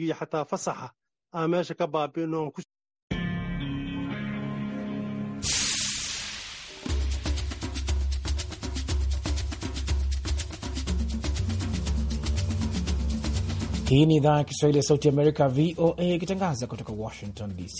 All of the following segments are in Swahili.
iyo xataa fasaxa aan meesha ka baabino aan ku Hii ni idhaa ya Kiswahili ya Sauti Amerika, VOA, ikitangaza kutoka Washington DC.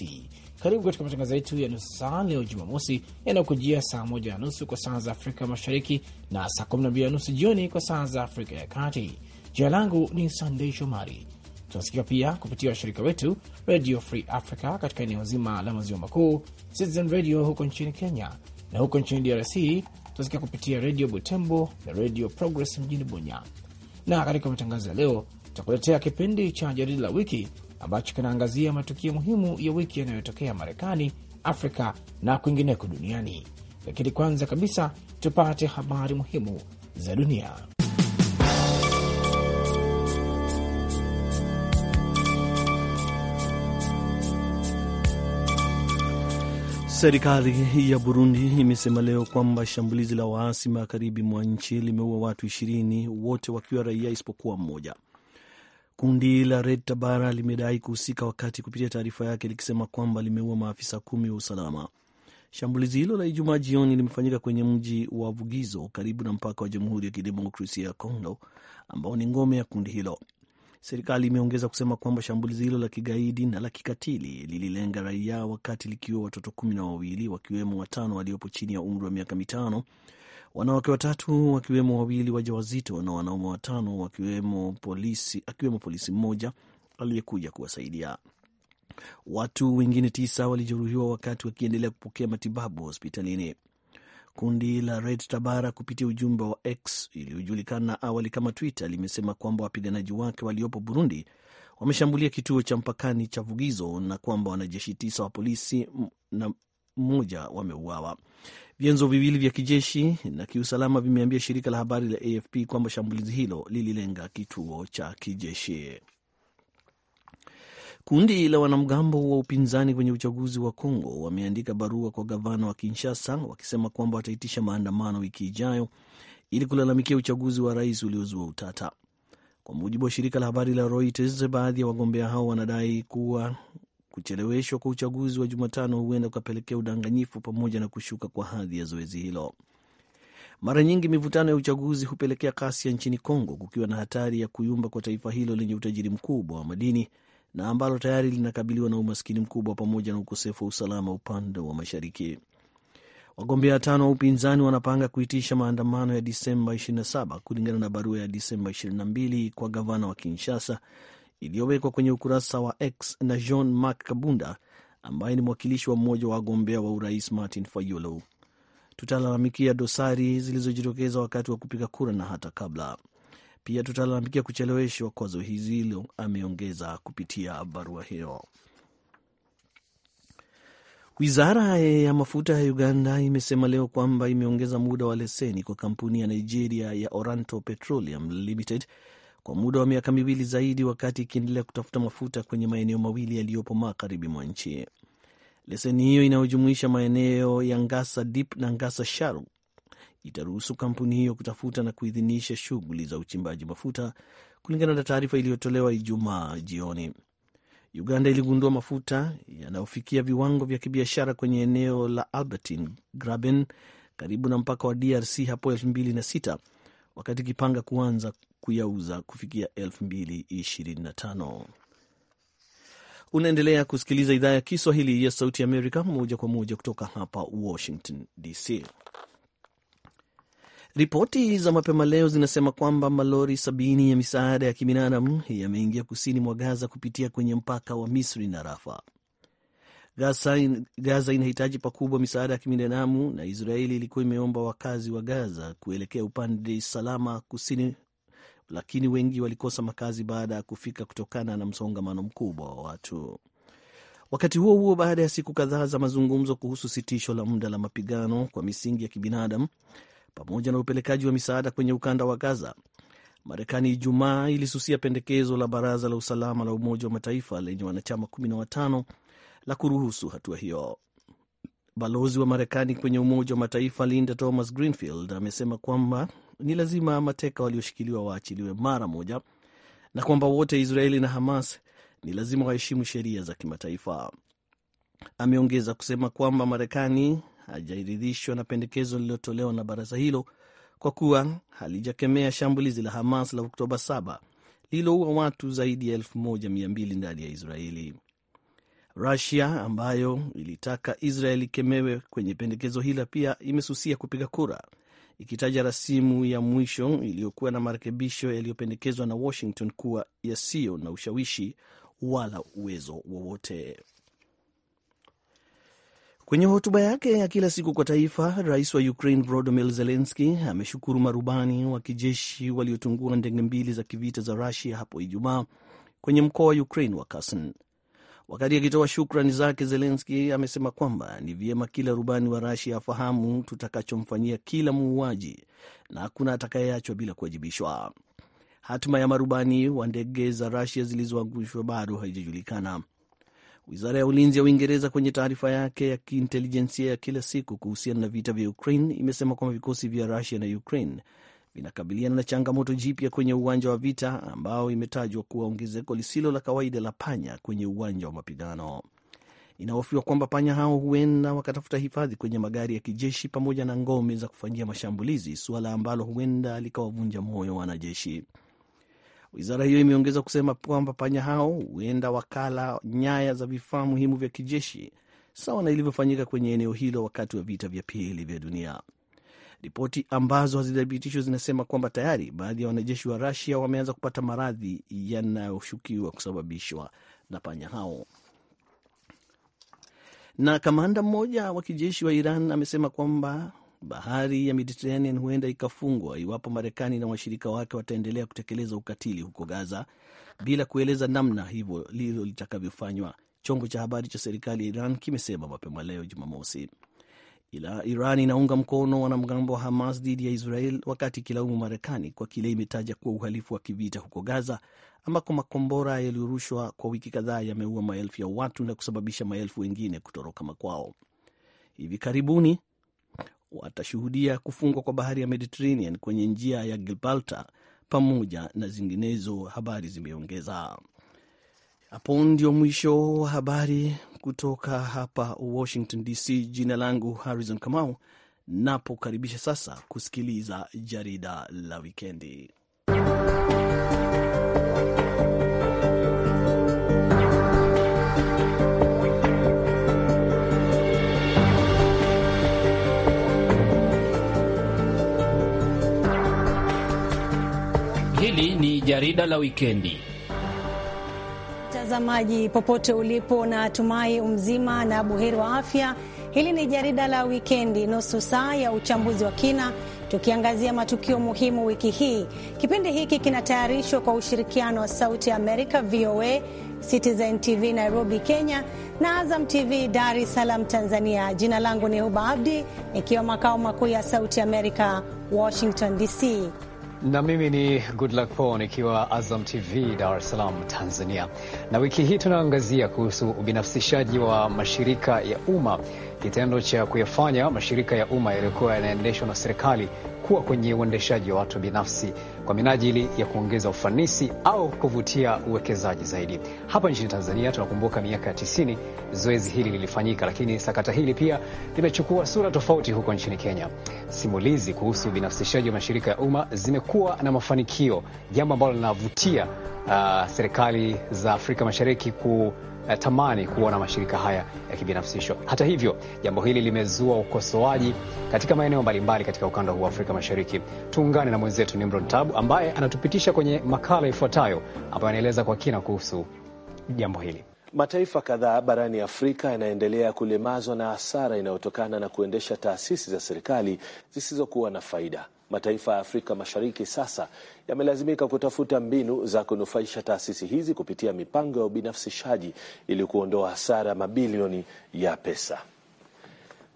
Karibu katika matangazo yetu ya nusu saa leo Jumamosi, yanayokujia saa moja na nusu kwa saa za Afrika Mashariki na saa kumi na mbili na nusu jioni kwa saa za Afrika ya Kati. Jina langu ni Sandei Shomari Tunasikika pia kupitia washirika wetu Radio Free Africa katika eneo zima la maziwa makuu, Citizen Radio huko nchini Kenya, na huko nchini DRC tunasikia kupitia Radio Butembo na Radio Progress mjini Bunya. Na katika matangazo ya leo tutakuletea kipindi cha jarida la wiki ambacho kinaangazia matukio muhimu ya wiki yanayotokea Marekani, Afrika na kwingineko duniani. Lakini kwanza kabisa tupate habari muhimu za dunia. Serikali ya Burundi imesema leo kwamba shambulizi la waasi magharibi mwa nchi limeua watu ishirini, wote wakiwa raia isipokuwa mmoja. Kundi la Red Tabara limedai kuhusika, wakati kupitia taarifa yake likisema kwamba limeua maafisa kumi wa usalama. Shambulizi hilo la Ijumaa jioni limefanyika kwenye mji wa Vugizo karibu na mpaka wa Jamhuri ya Kidemokrasia ya Kongo ambao ni ngome ya kundi hilo. Serikali imeongeza kusema kwamba shambulizi hilo la kigaidi na la kikatili lililenga raia wakati likiwa watoto kumi na wawili wakiwemo watano waliopo chini ya umri wa miaka mitano, wanawake watatu wakiwemo wawili wajawazito na wanaume watano wakiwemo polisi, akiwemo polisi mmoja aliyekuja kuwasaidia. Watu wengine tisa walijeruhiwa wakati wakiendelea kupokea matibabu hospitalini. Kundi la Red Tabara kupitia ujumbe wa X iliyojulikana awali kama Twitter limesema kwamba wapiganaji wake waliopo Burundi wameshambulia kituo cha mpakani cha Vugizo na kwamba wanajeshi tisa wa polisi na mmoja wameuawa. Vyanzo viwili vya kijeshi na kiusalama vimeambia shirika la habari la AFP kwamba shambulizi hilo lililenga kituo cha kijeshi. Kundi la wanamgambo wa upinzani kwenye uchaguzi wa congo wameandika barua kwa gavana wa Kinshasa wakisema kwamba wataitisha maandamano wiki ijayo ili kulalamikia uchaguzi wa rais uliozua utata. Kwa mujibu wa shirika la habari la Reuters, baadhi ya wagombea hao wanadai kuwa kucheleweshwa kwa uchaguzi wa Jumatano huenda kukapelekea udanganyifu pamoja na kushuka kwa hadhi ya zoezi hilo. Mara nyingi mivutano ya uchaguzi hupelekea kasia nchini congo kukiwa na hatari ya kuyumba kwa taifa hilo lenye utajiri mkubwa wa madini na ambalo tayari linakabiliwa na umaskini mkubwa pamoja na ukosefu wa usalama upande wa mashariki. Wagombea watano wa upinzani wanapanga kuitisha maandamano ya Disemba 27 kulingana na barua ya Disemba 22 kwa gavana wa Kinshasa iliyowekwa kwenye ukurasa wa X na Jean Marc Kabunda ambaye ni mwakilishi wa mmoja wa wagombea wa urais Martin Fayulu. Tutalalamikia dosari zilizojitokeza wakati wa kupiga kura na hata kabla. Pia tutalalamikia kucheleweshwa kwa zoezi hilo, ameongeza kupitia barua hiyo. Wizara ya mafuta ya Uganda imesema leo kwamba imeongeza muda wa leseni kwa kampuni ya Nigeria ya Oranto Petroleum Limited kwa muda wa miaka miwili zaidi, wakati ikiendelea kutafuta mafuta kwenye maeneo mawili yaliyopo magharibi mwa nchi. Leseni hiyo inayojumuisha maeneo ya Ngasa Deep na Ngasa Shallow itaruhusu kampuni hiyo kutafuta na kuidhinisha shughuli za uchimbaji mafuta, kulingana na taarifa iliyotolewa Ijumaa jioni. Uganda iligundua mafuta yanayofikia viwango vya kibiashara kwenye eneo la Albertine Graben karibu na mpaka wa DRC hapo 2006 wakati ikipanga kuanza kuyauza kufikia 2025. Unaendelea kusikiliza idhaa ya Kiswahili ya Sauti ya Amerika moja kwa moja kutoka hapa Washington DC. Ripoti za mapema leo zinasema kwamba malori sabini ya misaada ya kibinadamu yameingia kusini mwa Gaza kupitia kwenye mpaka wa Misri na Rafa. Gaza, in, Gaza inahitaji pakubwa misaada ya kibinadamu na Israeli ilikuwa imeomba wakazi wa Gaza kuelekea upande salama kusini, lakini wengi walikosa makazi baada ya kufika kutokana na msongamano mkubwa wa watu. Wakati huo huo, baada ya siku kadhaa za mazungumzo kuhusu sitisho la muda la mapigano kwa misingi ya kibinadamu, pamoja na upelekaji wa misaada kwenye ukanda wa Gaza. Marekani Ijumaa ilisusia pendekezo la Baraza la Usalama la Umoja wa Mataifa lenye wanachama 15 la kuruhusu hatua hiyo. Balozi wa Marekani kwenye Umoja wa Mataifa Linda Thomas Greenfield amesema kwamba ni lazima mateka walioshikiliwa waachiliwe mara moja na kwamba wote Israeli na Hamas ni lazima waheshimu sheria za kimataifa. Ameongeza kusema kwamba Marekani hajairidhishwa na pendekezo lililotolewa na baraza hilo kwa kuwa halijakemea shambulizi la Hamas la Oktoba 7 lililoua watu zaidi ya 1200 ndani ya Israeli. Rusia ambayo ilitaka Israel ikemewe kwenye pendekezo hilo pia imesusia kupiga kura, ikitaja rasimu ya mwisho iliyokuwa na marekebisho yaliyopendekezwa na Washington kuwa yasiyo na ushawishi wala uwezo wowote. Kwenye hotuba yake ya kila siku kwa taifa, rais wa Ukraine Volodymyr Zelensky ameshukuru marubani wa kijeshi waliotungua ndege mbili za kivita za Rusia hapo Ijumaa kwenye mkoa wa Ukraine wa Kherson. Wakati akitoa shukrani zake, Zelensky amesema kwamba ni vyema kila rubani wa Rusia afahamu tutakachomfanyia kila muuaji na hakuna atakayeachwa bila kuwajibishwa. Hatima ya marubani wa ndege za Rusia zilizoangushwa bado haijajulikana. Wizara ya ulinzi ya Uingereza kwenye taarifa yake ya kiintelijensia ya kila siku kuhusiana na vita vya Ukraine imesema kwamba vikosi vya Rusia na Ukraine vinakabiliana na changamoto jipya kwenye uwanja wa vita ambao imetajwa kuwa ongezeko lisilo la kawaida la panya kwenye uwanja wa mapigano. Inahofiwa kwamba panya hao huenda wakatafuta hifadhi kwenye magari ya kijeshi pamoja na ngome za kufanyia mashambulizi, suala ambalo huenda likawavunja moyo wanajeshi. Wizara hiyo imeongeza kusema kwamba panya hao huenda wakala nyaya za vifaa muhimu vya kijeshi sawa na ilivyofanyika kwenye eneo hilo wakati wa vita vya pili vya dunia. Ripoti ambazo hazithibitishwa zinasema kwamba tayari baadhi ya wanajeshi wa Rusia wameanza kupata maradhi yanayoshukiwa kusababishwa na panya hao. Na kamanda mmoja wa kijeshi wa Iran amesema kwamba bahari ya Mediterranean huenda ikafungwa iwapo Marekani na washirika wake wataendelea kutekeleza ukatili huko Gaza bila kueleza namna hivyo lilo litakavyofanywa, chombo cha habari cha serikali ya Iran kimesema mapema leo Jumamosi. Ila Iran inaunga mkono wanamgambo wa Hamas dhidi ya Israel wakati ikilaumu Marekani kwa kile imetaja kuwa uhalifu wa kivita huko Gaza, ambako makombora yaliyorushwa kwa wiki kadhaa yameua maelfu ya watu na kusababisha maelfu wengine kutoroka makwao. Hivi karibuni watashuhudia kufungwa kwa bahari ya Mediterranean kwenye njia ya Gibraltar pamoja na zinginezo, habari zimeongeza. Hapo ndio mwisho wa habari kutoka hapa Washington DC. Jina langu Harrison Kamau, napokaribisha sasa kusikiliza jarida la wikendi. jarida la wikendi. Mtazamaji popote ulipo, na tumai umzima na buheri wa afya. Hili ni jarida la wikendi, nusu saa ya uchambuzi wa kina tukiangazia matukio muhimu wiki hii. Kipindi hiki kinatayarishwa kwa ushirikiano wa Sauti ya Amerika, VOA, Citizen TV Nairobi, Kenya na Azam TV Dar es Salaam, Tanzania. Jina langu ni Huba Abdi, ikiwa makao makuu ya Sauti Amerika, Washington DC na mimi ni Goodluck Luck Po nikiwa Azam TV Dar es Salaam, Tanzania. Na wiki hii tunaangazia kuhusu ubinafsishaji wa mashirika ya umma kitendo cha kuyafanya mashirika ya umma yaliyokuwa yanaendeshwa na serikali kuwa kwenye uendeshaji wa watu binafsi kwa minajili ya kuongeza ufanisi au kuvutia uwekezaji zaidi. Hapa nchini Tanzania tunakumbuka miaka ya tisini zoezi hili lilifanyika, lakini sakata hili pia limechukua sura tofauti huko nchini Kenya. Simulizi kuhusu ubinafsishaji wa mashirika ya umma zimekuwa na mafanikio, jambo ambalo linavutia uh, serikali za Afrika Mashariki ku Eh, tamani kuona mashirika haya yakibinafsishwa. Hata hivyo, jambo hili limezua ukosoaji katika maeneo mbalimbali katika ukanda huu wa Afrika Mashariki. Tuungane na mwenzetu Nimrod Tabu ambaye anatupitisha kwenye makala ifuatayo ambayo anaeleza kwa kina kuhusu jambo hili. Mataifa kadhaa barani Afrika yanaendelea kulemazwa na hasara inayotokana na kuendesha taasisi za serikali zisizokuwa na faida. Mataifa ya Afrika Mashariki sasa yamelazimika kutafuta mbinu za kunufaisha taasisi hizi kupitia mipango ya ubinafsishaji ili kuondoa hasara mabilioni ya pesa.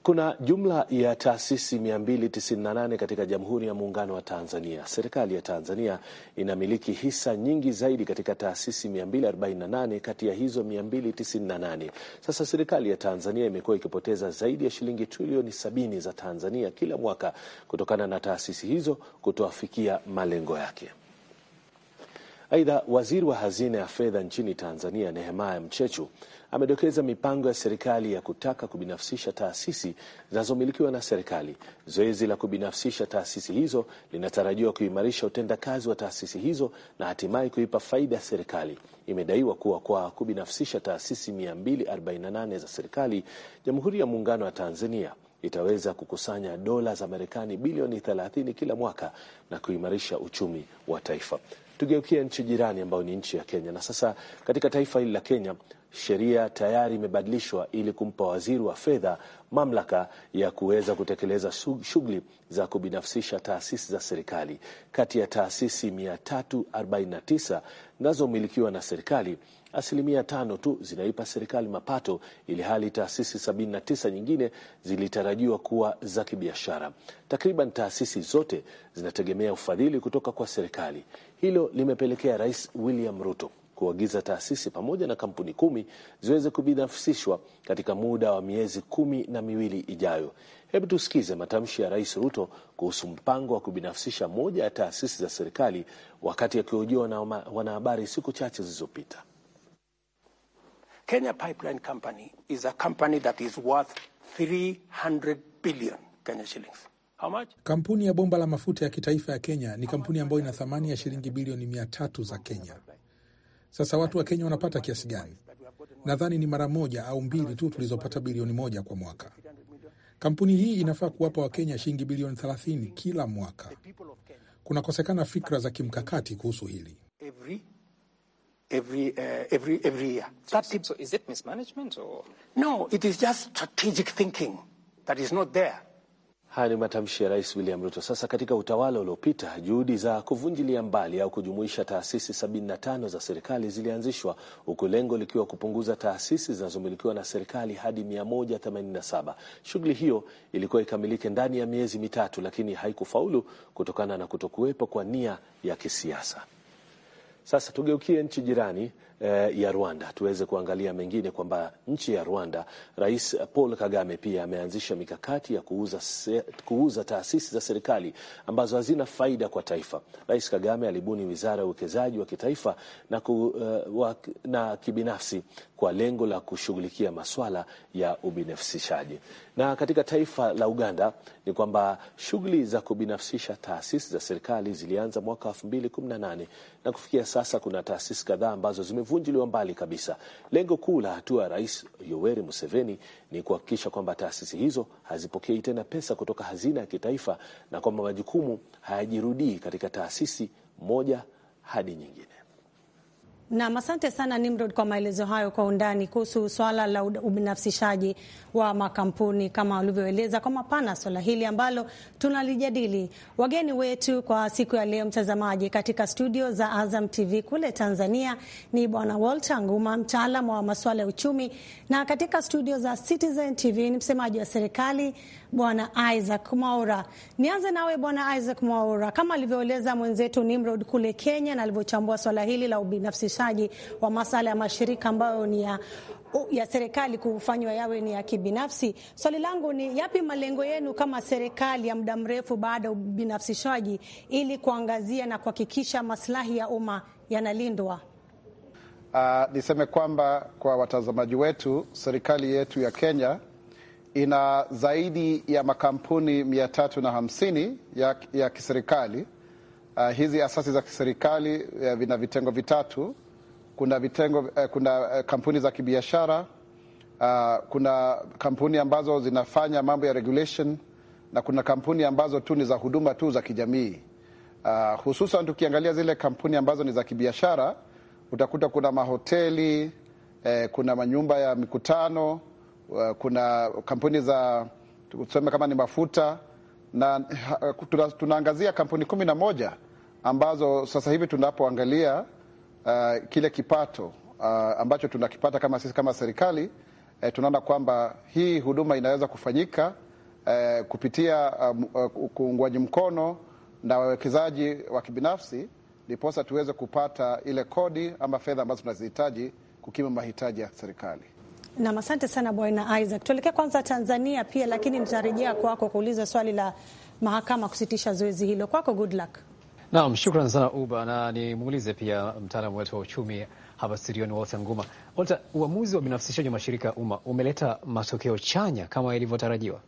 Kuna jumla ya taasisi 298 katika Jamhuri ya Muungano wa Tanzania. Serikali ya Tanzania inamiliki hisa nyingi zaidi katika taasisi 248 kati ya hizo 298. Sasa serikali ya Tanzania imekuwa ikipoteza zaidi ya shilingi trilioni sabini za Tanzania kila mwaka kutokana na taasisi hizo kutoafikia malengo yake. Aidha, waziri wa hazina ya fedha nchini Tanzania Nehemaya Mchechu amedokeza mipango ya serikali ya kutaka kubinafsisha taasisi zinazomilikiwa na serikali. Zoezi la kubinafsisha taasisi hizo linatarajiwa kuimarisha utendakazi wa taasisi hizo na hatimaye kuipa faida serikali. Imedaiwa kuwa kwa kubinafsisha taasisi 248 za serikali, Jamhuri ya Muungano wa Tanzania itaweza kukusanya dola za Marekani bilioni 30 kila mwaka na kuimarisha uchumi wa taifa. Tugeukie nchi jirani ambayo ni nchi ya Kenya. Na sasa katika taifa hili la Kenya sheria tayari imebadilishwa ili kumpa waziri wa fedha mamlaka ya kuweza kutekeleza shughuli za kubinafsisha taasisi za serikali. Kati ya taasisi 349 zinazomilikiwa na serikali, asilimia tano tu zinaipa serikali mapato, ili hali taasisi 79 nyingine zilitarajiwa kuwa za kibiashara. Takriban taasisi zote zinategemea ufadhili kutoka kwa serikali. Hilo limepelekea Rais William Ruto kuagiza taasisi pamoja na kampuni kumi ziweze kubinafsishwa katika muda wa miezi kumi na miwili ijayo. Hebu tusikize matamshi ya Rais Ruto kuhusu mpango wa kubinafsisha moja ya taasisi za serikali wakati akihojiwa na wanahabari siku chache zilizopita. Kenya Pipeline Company is a company that is worth 300 billion Kenya shillings. Kampuni ya bomba la mafuta ya kitaifa ya Kenya ni kampuni ambayo ina thamani ya shilingi bilioni mia tatu za Kenya. Sasa watu wa Kenya wanapata kiasi gani? Nadhani ni mara moja au mbili tu tulizopata bilioni moja kwa mwaka. Kampuni hii inafaa kuwapa Wakenya shilingi bilioni 30 kila mwaka. Kunakosekana fikra za kimkakati kuhusu hili. Every, uh, every, every No, it is just strategic thinking that is not there. Haya ni matamshi ya Rais William Ruto. Sasa katika utawala uliopita, juhudi za kuvunjilia mbali au kujumuisha taasisi 75 za serikali zilianzishwa, huku lengo likiwa kupunguza taasisi zinazomilikiwa na serikali hadi 187. Shughuli hiyo ilikuwa ikamilike ndani ya miezi mitatu, lakini haikufaulu kutokana na kutokuwepo kwa nia ya kisiasa. Sasa tugeukie nchi jirani eh, ya Rwanda tuweze kuangalia mengine kwamba nchi ya Rwanda, Rais Paul Kagame pia ameanzisha mikakati ya kuuza, se, kuuza taasisi za serikali ambazo hazina faida kwa taifa. Rais Kagame alibuni wizara ya uwekezaji wa kitaifa na, ku, uh, wa, na kibinafsi kwa lengo la kushughulikia maswala ya ubinafsishaji. Na katika taifa la Uganda ni kwamba shughuli za kubinafsisha taasisi za serikali zilianza mwaka 2018 na kufikia sasa kuna taasisi kadhaa ambazo zimevunjiliwa mbali kabisa. Lengo kuu la hatua ya Rais Yoweri Museveni ni kuhakikisha kwamba taasisi hizo hazipokei tena pesa kutoka hazina ya kitaifa na kwamba majukumu hayajirudii katika taasisi moja hadi nyingine. Nam, asante sana Nimrod kwa maelezo hayo kwa undani kuhusu swala la ubinafsishaji wa makampuni kama walivyoeleza kwa mapana swala hili ambalo tunalijadili. Wageni wetu kwa siku ya leo, mtazamaji, katika studio za Azam TV kule Tanzania ni Bwana Walter Nguma, mtaalamu wa masuala ya uchumi, na katika studio za Citizen TV ni msemaji wa serikali Bwana Isaac Mwaura. Nianze nawe Bwana Isaac Mwaura, kama alivyoeleza mwenzetu Nimrod kule Kenya na alivyochambua swala hili la ubinafsishaji wa masala ya mashirika ambayo ni ya ya serikali kufanywa yawe ni ya kibinafsi. Swali langu ni yapi malengo yenu kama serikali ya muda mrefu baada ya ubinafsishaji ili kuangazia na kuhakikisha maslahi ya umma yanalindwa? Uh, niseme kwamba kwa watazamaji wetu, serikali yetu ya Kenya ina zaidi ya makampuni mia tatu na hamsini ya, ya kiserikali. Uh, hizi asasi za kiserikali eh, vina vitengo vitatu. Kuna vitengo uh, kuna eh, kampuni za kibiashara uh, kuna kampuni ambazo zinafanya mambo ya regulation na kuna kampuni ambazo tu ni za huduma tu za kijamii. Uh, hususan tukiangalia zile kampuni ambazo ni za kibiashara utakuta kuna mahoteli eh, kuna manyumba ya mikutano Uh, kuna kampuni za tuseme kama ni mafuta na uh, tuna, tunaangazia kampuni kumi na moja ambazo sasa hivi tunapoangalia uh, kile kipato uh, ambacho tunakipata kama sisi kama serikali eh, tunaona kwamba hii huduma inaweza kufanyika eh, kupitia um, uh, uh, uh, mkono na wawekezaji wa kibinafsi, ndiposa tuweze kupata ile kodi ama fedha ambazo tunazihitaji kukimu mahitaji ya serikali. Nam, asante sana Bwana Isaac. Tuelekee kwanza Tanzania pia, lakini nitarejea kwako kuuliza swali la mahakama kusitisha zoezi hilo. Kwako good luck. Naam, shukran sana Uba, na nimuulize pia mtaalamu wetu wa uchumi hapa studioni Walter Nguma. Walter, uamuzi wa binafsishaji wa mashirika ya umma umeleta matokeo chanya kama ilivyotarajiwa?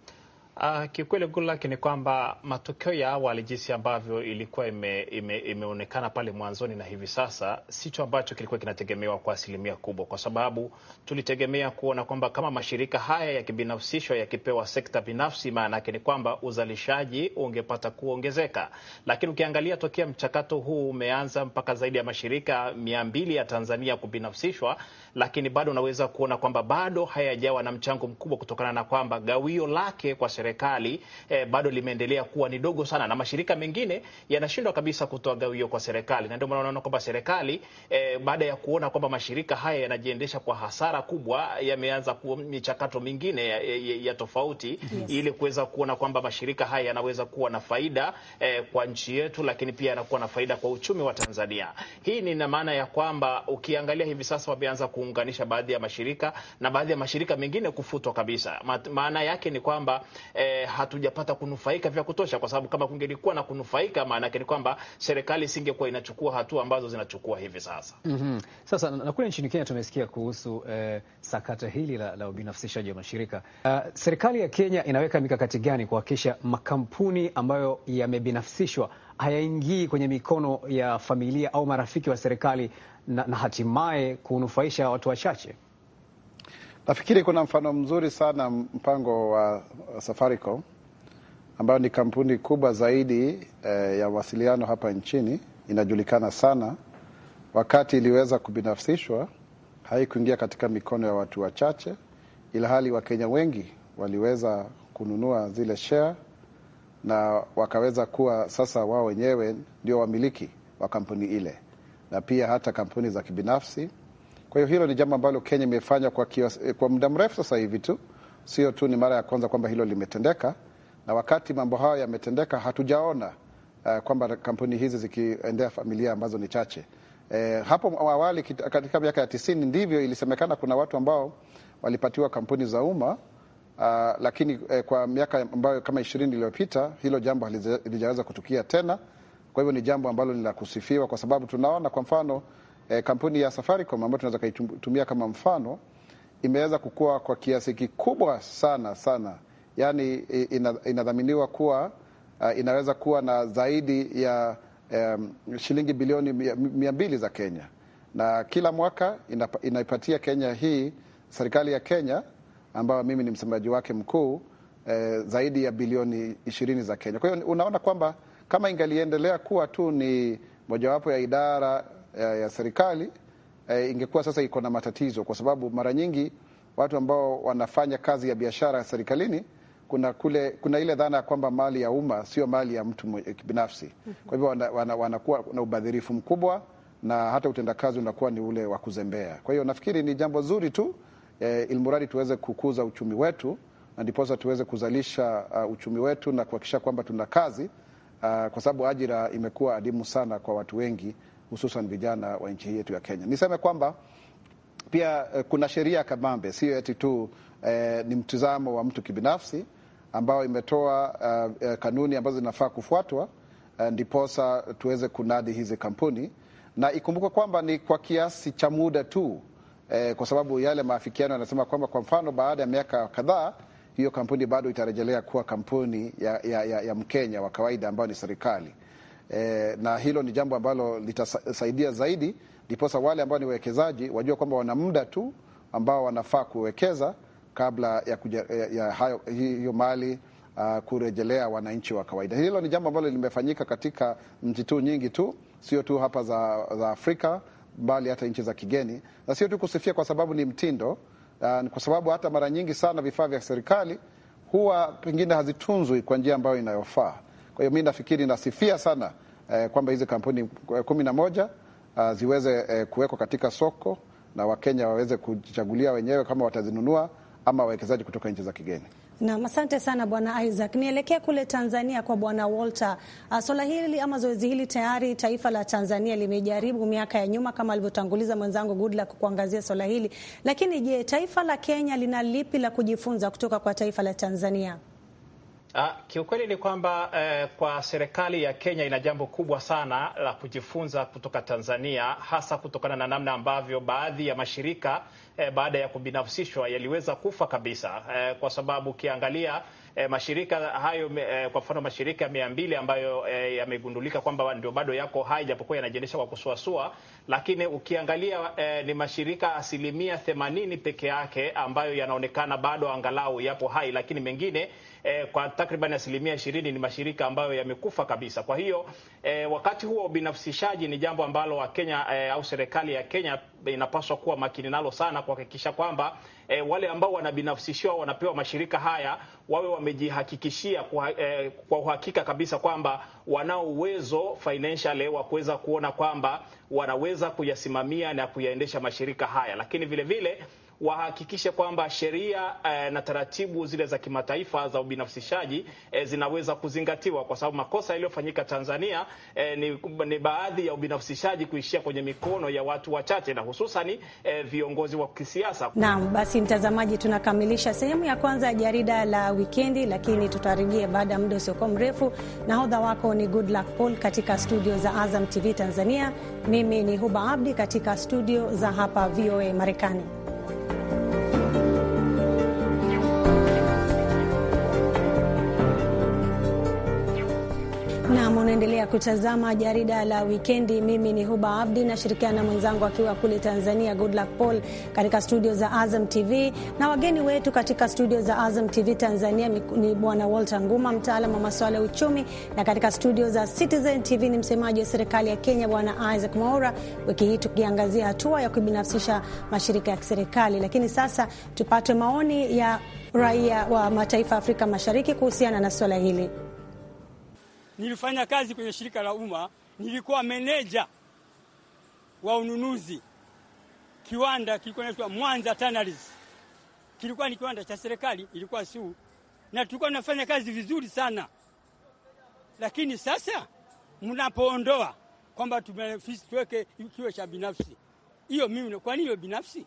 Uh, kiukweli Goodluck ni kwamba matokeo ya awali jinsi ambavyo ilikuwa ime, ime, imeonekana pale mwanzoni na hivi sasa sicho ambacho kilikuwa kinategemewa kwa asilimia kubwa, kwa sababu tulitegemea kuona kwamba kama mashirika haya yakibinafsishwa yakipewa sekta binafsi, maana ni kwamba uzalishaji ungepata kuongezeka, lakini ukiangalia tokea mchakato huu umeanza mpaka zaidi ya mashirika mia mbili ya Tanzania kubinafsishwa, lakini bado unaweza kuona kwamba bado hayajawa na mchango mkubwa kutokana na kwamba gawio lake kwa serikali eh, bado limeendelea kuwa ni dogo sana, na mashirika mengine yanashindwa kabisa kutoa gawio kwa serikali, na ndio maana unaona kwamba serikali eh, baada ya kuona kwamba mashirika haya yanajiendesha kwa hasara kubwa, yameanza kuwa michakato mingine ya, ya, ya tofauti yes, ili kuweza kuona kwamba mashirika haya yanaweza kuwa na faida eh, kwa nchi yetu, lakini pia yanakuwa na faida kwa uchumi wa Tanzania. Hii ni na maana ya kwamba ukiangalia hivi sasa wameanza kuunganisha baadhi ya mashirika na baadhi ya mashirika mengine kufutwa kabisa. Maana yake ni kwamba eh, hatujapata kunufaika vya kutosha, kwa sababu kama kungelikuwa na kunufaika, maana yake ni kwamba serikali isingekuwa inachukua hatua ambazo zinachukua hivi sasa. mm -hmm. Sasa na kule nchini Kenya tumesikia kuhusu eh, sakata hili la, la ubinafsishaji wa mashirika uh, serikali ya Kenya inaweka mikakati gani kuhakikisha makampuni ambayo yamebinafsishwa hayaingii kwenye mikono ya familia au marafiki wa serikali na, na hatimaye kunufaisha watu wachache? Nafikiri kuna mfano mzuri sana mpango wa Safaricom ambayo ni kampuni kubwa zaidi eh, ya mawasiliano hapa nchini, inajulikana sana. Wakati iliweza kubinafsishwa, haikuingia katika mikono ya watu wachache, ila hali Wakenya wengi waliweza kununua zile share na wakaweza kuwa sasa wao wenyewe ndio wamiliki wa kampuni ile, na pia hata kampuni za kibinafsi kwa hiyo hilo ni jambo ambalo Kenya imefanya kwa, eh, kwa muda mrefu sasa hivi tu, sio tu ni mara ya kwanza kwamba hilo limetendeka, na wakati mambo hayo yametendeka hatujaona uh, kwamba kampuni hizi zikiendea familia ambazo ni chache. E, hapo awali katika miaka ya tisini ndivyo ilisemekana kuna watu ambao walipatiwa kampuni za umma uh, lakini eh, kwa miaka ambayo kama ishirini iliyopita hilo jambo halijaweza kutukia tena. Kwa hivyo ni jambo ambalo ni la kusifiwa, kwa sababu tunaona kwa mfano e, kampuni ya Safaricom ambayo tunaweza kaitumia kama mfano imeweza kukua kwa kiasi kikubwa sana sana, yaani inadhaminiwa kuwa uh, inaweza kuwa na zaidi ya um, shilingi bilioni mia mbili za Kenya na kila mwaka inaipatia Kenya hii serikali ya Kenya ambayo mimi ni msemaji wake mkuu eh, zaidi ya bilioni ishirini za Kenya. Kwa hiyo unaona kwamba kama ingaliendelea kuwa tu ni mojawapo ya idara ya serikali eh, ingekuwa sasa iko na matatizo, kwa sababu mara nyingi watu ambao wanafanya kazi ya biashara serikalini kuna kule kuna ile dhana ya kwamba mali ya umma sio mali ya mtu binafsi. Mhm. Kwa hivyo wanakuwa wana, wana na ubadhirifu mkubwa na hata utendakazi unakuwa ni ule wa kuzembea. Kwa hiyo nafikiri ni jambo zuri tu e, ilmuradi tuweze kukuza uchumi wetu na ndiposa tuweze kuzalisha uh, uchumi wetu na kuhakikisha kwamba tuna kazi uh, kwa sababu ajira imekuwa adimu sana kwa watu wengi hususan vijana wa nchi yetu ya Kenya. Niseme kwamba pia eh, kuna sheria kabambe, sio eti tu eh, ni mtizamo wa mtu kibinafsi ambayo imetoa uh, kanuni ambazo zinafaa kufuatwa uh, ndiposa tuweze kunadi hizi kampuni, na ikumbuke kwamba ni kwa kiasi cha muda tu eh, kwa sababu yale maafikiano yanasema kwamba kwa mfano baada ya miaka kadhaa hiyo kampuni bado itarejelea kuwa kampuni ya, ya, ya, ya Mkenya wa kawaida ambayo ni serikali e, na hilo ni jambo ambalo litasaidia zaidi, ndiposa wale ambao ni wawekezaji wajua kwamba wana muda tu ambao wanafaa kuwekeza kabla ya, kuja, eh, ya hayo, hiyo mali uh, kurejelea wananchi wa kawaida. Hilo ni jambo ambalo limefanyika katika nchi tu nyingi tu, sio tu hapa za, za Afrika mbali hata nchi za kigeni, na sio tu kusifia kwa sababu ni mtindo uh, kwa sababu hata mara nyingi sana vifaa vya serikali huwa pengine hazitunzwi kwa njia ambayo inayofaa. Kwa hiyo mi nafikiri nasifia sana eh, kwamba hizi kampuni eh, kumi na moja uh, ziweze eh, kuwekwa katika soko na Wakenya waweze kujichagulia wenyewe kama watazinunua ama wawekezaji kutoka nchi za kigeni. Nam, asante sana Bwana Isaac. nielekee kule Tanzania kwa Bwana Walter. Ah, swala hili ama zoezi hili tayari taifa la Tanzania limejaribu miaka ya nyuma, kama alivyotanguliza mwenzangu Goodluck kuangazia swala hili, lakini je, taifa la Kenya lina lipi la kujifunza kutoka kwa taifa la Tanzania? Ah, kiukweli ni kwamba eh, kwa serikali ya Kenya ina jambo kubwa sana la kujifunza kutoka Tanzania, hasa kutokana na namna ambavyo baadhi ya mashirika eh, baada ya kubinafsishwa yaliweza kufa kabisa eh, kwa sababu ukiangalia eh, mashirika hayo eh, kwa mfano mashirika mia mbili ambayo eh, yamegundulika kwamba ndio bado yako hai japokuwa yanajiendesha kwa kusuasua, lakini ukiangalia eh, ni mashirika asilimia themanini peke yake ambayo yanaonekana bado angalau yapo hai, lakini mengine eh, kwa takriban asilimia ishirini ni mashirika ambayo yamekufa kabisa. Kwa hiyo eh, wakati huo ubinafsishaji ni jambo ambalo Wakenya eh, au serikali ya Kenya inapaswa kuwa makini nalo sana kuhakikisha kwamba e, wale ambao wanabinafsishiwa wanapewa mashirika haya wawe wamejihakikishia kwa, e, kwa uhakika kabisa kwamba wanao uwezo financial wa kuweza kuona kwamba wanaweza kuyasimamia na kuyaendesha mashirika haya, lakini vile vile wahakikishe kwamba sheria eh, na taratibu zile za kimataifa za ubinafsishaji eh, zinaweza kuzingatiwa, kwa sababu makosa yaliyofanyika Tanzania eh, ni, ni baadhi ya ubinafsishaji kuishia kwenye mikono ya watu wachache na hususani eh, viongozi wa kisiasa. Naam, basi mtazamaji, tunakamilisha sehemu ya kwanza ya jarida la wikendi, lakini tutarejea baada ya muda usiokuwa mrefu. Nahodha wako ni Good Luck Paul katika studio za Azam TV Tanzania. Mimi ni Huba Abdi katika studio za hapa VOA Marekani. Unaendelea kutazama jarida la wikendi. Mimi ni Huba Abdi, nashirikiana na mwenzangu akiwa kule Tanzania, Goodluck Paul, katika studio za Azam TV na wageni wetu katika studio za Azam TV Tanzania ni Bwana Walter Nguma, mtaalamu wa masuala ya uchumi, na katika studio za Citizen TV ni msemaji wa serikali ya Kenya, Bwana Isaac Mwaura, wiki hii tukiangazia hatua ya kubinafsisha mashirika ya kiserikali. Lakini sasa tupate maoni ya raia wa mataifa ya Afrika Mashariki kuhusiana na swala hili nilifanya kazi kwenye shirika la umma, nilikuwa meneja wa ununuzi. Kiwanda kilikuwa kinaitwa Mwanza Tanneries, kilikuwa ni kiwanda cha serikali, ilikuwa SUU, na tulikuwa tunafanya kazi vizuri sana, lakini sasa mnapoondoa kwamba tuweke kiwe cha binafsi, hiyo mimi, kwa nini binafsi?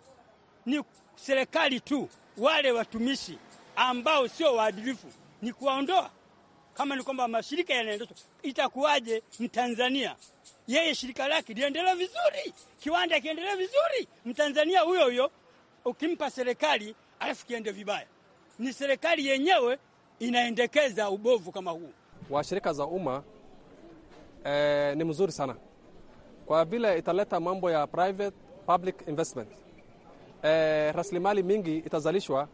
Ni serikali tu, wale watumishi ambao sio waadilifu ni kuwaondoa kama ni kwamba mashirika yanaendeshwa, itakuwaje Mtanzania yeye shirika lake liendelee vizuri, kiwanda kiendelee vizuri, Mtanzania huyo huyo ukimpa serikali alafu kiende vibaya? Ni serikali yenyewe inaendekeza ubovu kama huu wa shirika za umma. Eh, ni mzuri sana kwa vile italeta mambo ya private public investment. Eh, rasilimali mingi itazalishwa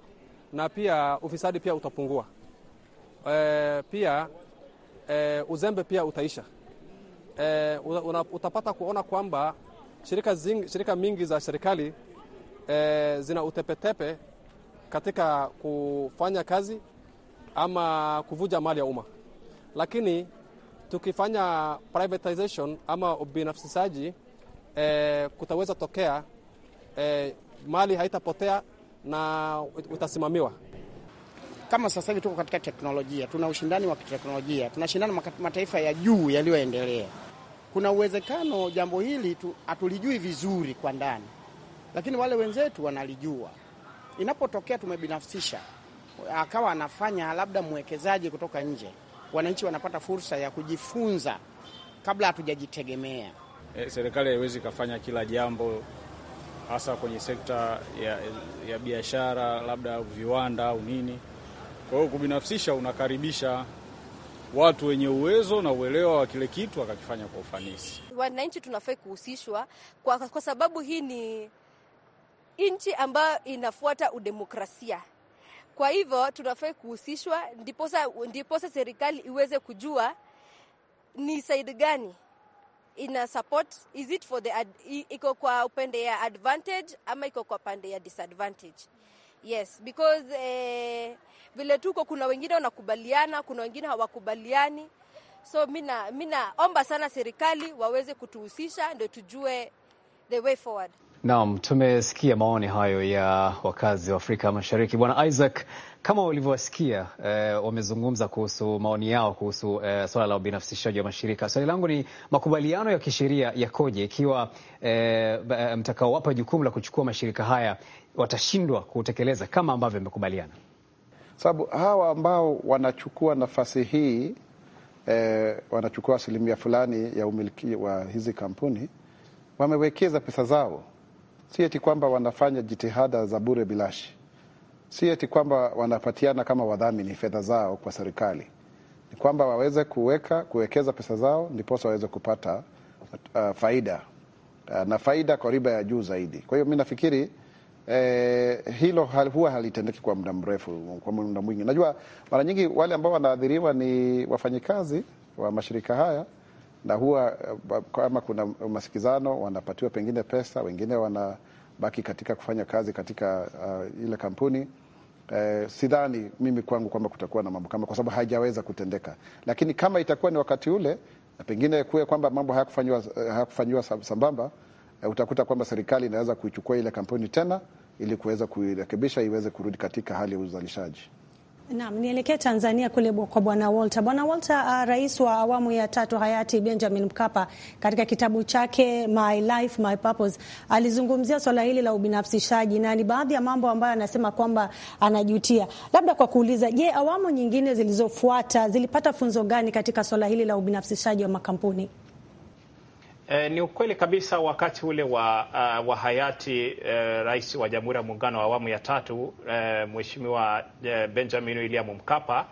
na pia ufisadi pia utapungua eh, pia eh, uzembe pia utaisha. Eh, una, utapata kuona kwamba shirika, zing, shirika mingi za serikali eh, zina utepetepe katika kufanya kazi ama kuvuja mali ya umma, lakini tukifanya privatization ama ubinafsishaji eh, kutaweza tokea eh, mali haitapotea na utasimamiwa kama sasa hivi tuko katika teknolojia, tuna ushindani wa kiteknolojia, tunashindana mataifa ya juu yaliyoendelea. Kuna uwezekano jambo hili hatulijui vizuri kwa ndani, lakini wale wenzetu wanalijua. Inapotokea tumebinafsisha, akawa anafanya labda mwekezaji kutoka nje, wananchi wanapata fursa ya kujifunza kabla hatujajitegemea. E, serikali haiwezi kafanya kila jambo hasa kwenye sekta ya, ya biashara labda viwanda au nini. Kwa hiyo kubinafsisha, unakaribisha watu wenye uwezo na uelewa wa kile kitu wakakifanya kwa ufanisi. Wananchi tunafai kuhusishwa kwa, kwa sababu hii ni nchi ambayo inafuata udemokrasia. Kwa hivyo tunafai kuhusishwa, ndiposa, ndiposa serikali iweze kujua ni saidi gani ina support, is it for the ad, iko kwa upande ya advantage ama iko kwa pande ya disadvantage. Yes, because eh, vile tuko kuna wengine wanakubaliana, kuna wengine hawakubaliani. So mina, mina omba sana serikali waweze kutuhusisha ndio tujue the way forward. Naam, tumesikia maoni hayo ya wakazi wa Afrika Mashariki. Bwana Isaac, kama ulivyowasikia eh, wamezungumza kuhusu maoni yao kuhusu eh, swala la ubinafsishaji wa mashirika. Swali langu ni makubaliano ya kisheria yakoje ikiwa eh, mtakaowapa jukumu la kuchukua mashirika haya watashindwa kutekeleza kama ambavyo amekubaliana Sababu hawa ambao wanachukua nafasi hii eh, wanachukua asilimia fulani ya umiliki wa hizi kampuni, wamewekeza pesa zao si eti kwamba wanafanya jitihada za bure bilashi, si eti kwamba wanapatiana kama wadhamini fedha zao kwa serikali. Ni kwamba waweze kuweka kuwekeza pesa zao, ndiposa waweze kupata uh, faida uh, na faida kwa riba ya juu zaidi. Kwa hiyo mi nafikiri Eh, hilo hal, huwa halitendeki kwa muda mrefu, kwa muda mwingi. Najua mara nyingi wale ambao wanaathiriwa ni wafanyikazi wa mashirika haya na huwa eh, kama kuna masikizano wanapatiwa pengine pesa, wengine wanabaki katika kufanya kazi katika uh, ile kampuni eh, sidhani mimi kwangu kwamba kutakuwa na mambo kama, kwa sababu haijaweza kutendeka, lakini kama itakuwa ni wakati ule na pengine kuwe kwamba mambo hayakufanyiwa eh, sambamba, eh, utakuta kwamba serikali inaweza kuichukua ile kampuni tena ili kuweza kuirekebisha iweze kurudi katika hali ya uzalishaji. Naam, nielekea Tanzania kule kwa Bwana Walter. Bwana Walter, uh, rais wa awamu ya tatu hayati Benjamin Mkapa katika kitabu chake My Life, My Purpose alizungumzia swala hili la ubinafsishaji na ni baadhi ya mambo ambayo anasema kwamba anajutia. Labda kwa kuuliza, je, awamu nyingine zilizofuata zilipata funzo gani katika swala hili la ubinafsishaji wa makampuni? E, ni ukweli kabisa wakati ule wa, uh, wa hayati uh, rais wa Jamhuri ya Muungano wa awamu ya tatu uh, Mheshimiwa uh, Benjamin William Mkapa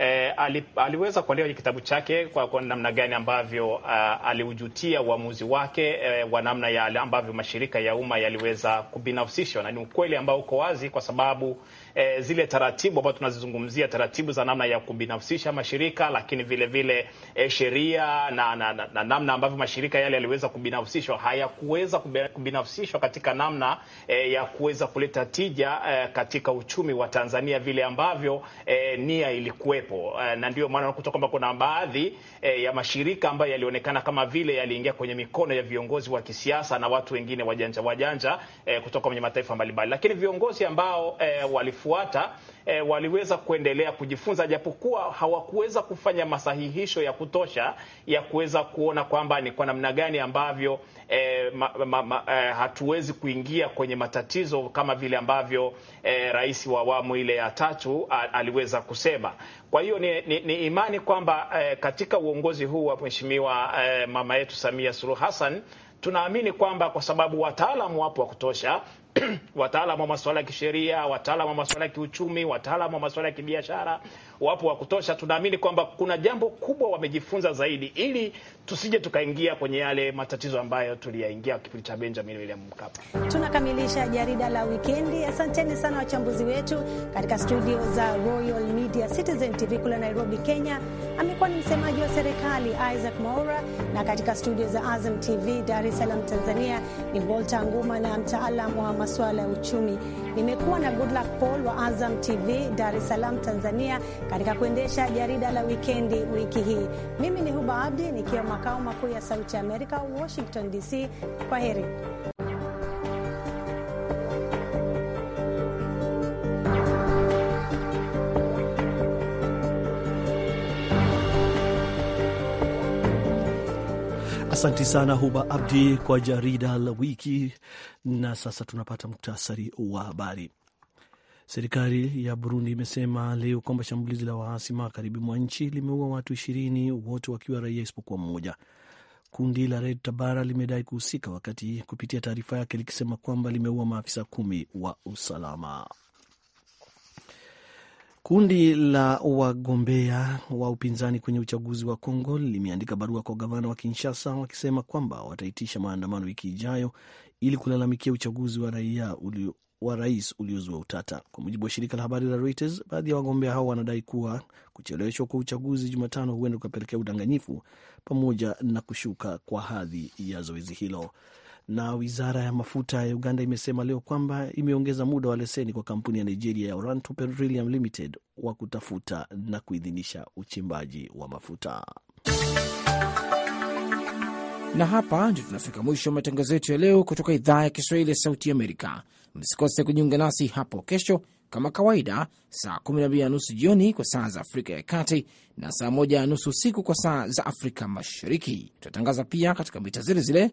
E, ali, aliweza kuandika kitabu chake kwa, kwa namna gani ambavyo uh, aliujutia uamuzi wake uh, wa namna ya ambavyo mashirika ya umma yaliweza kubinafsishwa, na ni ukweli ambao uko wazi kwa sababu e, zile taratibu ambazo tunazizungumzia, taratibu za namna ya kubinafsisha mashirika, lakini vile vile e, sheria na, na, na, na namna ambavyo mashirika yale yaliweza kubinafsishwa hayakuweza kubinafsishwa katika namna e, ya kuweza kuleta tija e, katika uchumi wa Tanzania vile ambavyo e, nia ilikuwepo e, na ndio maana unakuta kwamba kuna baadhi e, ya mashirika ambayo yalionekana kama vile yaliingia kwenye mikono ya viongozi wa kisiasa na watu wengine wajanja wajanja e, kutoka kwenye mataifa mbalimbali, lakini viongozi ambao e, wali waliofuata e, eh, waliweza kuendelea kujifunza japokuwa hawakuweza kufanya masahihisho ya kutosha ya kuweza kuona kwamba ni kwa namna gani ambavyo e, ma, ma, ma, e, hatuwezi kuingia kwenye matatizo kama vile ambavyo e, rais wa awamu ile ya tatu aliweza kusema. Kwa hiyo ni, ni, ni imani kwamba e, katika uongozi huu wa mheshimiwa e, mama yetu Samia Suluhu Hassan tunaamini kwamba kwa sababu wataalamu wapo wa kutosha, wataalamu wa masuala ya kisheria, wataalamu wa masuala ya kiuchumi, wataalamu wa masuala ya kibiashara, wapo wa kutosha. Tunaamini kwamba kuna jambo kubwa wamejifunza zaidi, ili tusije tukaingia kwenye yale matatizo ambayo tuliyaingia kipindi cha Benjamin William Mkapa. Tunakamilisha jarida la wikendi. Asanteni sana wachambuzi wetu katika studio za Royal Media Citizen TV kule Nairobi, Kenya. Amekuwa ni msemaji wa serikali Isaac Maura, na katika studio za Azam TV Dar es Salaam, Tanzania ni Volta Nguma na mtaalamu wa masuala ya uchumi Nimekuwa na Goodluck Paul wa Azam TV Dar es Salaam, Tanzania, katika kuendesha jarida la wikendi wiki hii. Mimi ni Huba Abdi nikiwa makao makuu ya Sauti ya Amerika, Washington DC. Kwa heri. Asanti sana Huba Abdi kwa jarida la wiki. Na sasa tunapata muktasari wa habari. Serikali ya Burundi imesema leo kwamba shambulizi la waasi magharibi mwa nchi limeua watu ishirini, wote wakiwa raia isipokuwa mmoja. Kundi la Red Tabara limedai kuhusika, wakati kupitia taarifa yake likisema kwamba limeua maafisa kumi wa usalama. Kundi la wagombea wa upinzani kwenye uchaguzi wa Kongo limeandika barua kwa gavana wa Kinshasa wakisema kwamba wataitisha maandamano wiki ijayo ili kulalamikia uchaguzi wa raia ulio wa rais uliozua utata. Kwa mujibu wa shirika la habari la Reuters, baadhi ya wagombea hao wanadai kuwa kucheleweshwa kwa uchaguzi Jumatano huenda kukapelekea udanganyifu pamoja na kushuka kwa hadhi ya zoezi hilo. Na wizara ya mafuta ya Uganda imesema leo kwamba imeongeza muda wa leseni kwa kampuni ya Nigeria ya Orantu Petroleum Limited wa kutafuta na kuidhinisha uchimbaji wa mafuta. Na hapa ndio tunafika mwisho wa matangazo yetu ya leo kutoka idhaa ya Kiswahili ya Sauti Amerika. Msikose kujiunga nasi hapo kesho kama kawaida, saa 12 na nusu jioni kwa saa za Afrika ya Kati na saa 1 na nusu usiku kwa saa za Afrika Mashariki. tunatangaza pia katika mita zile zile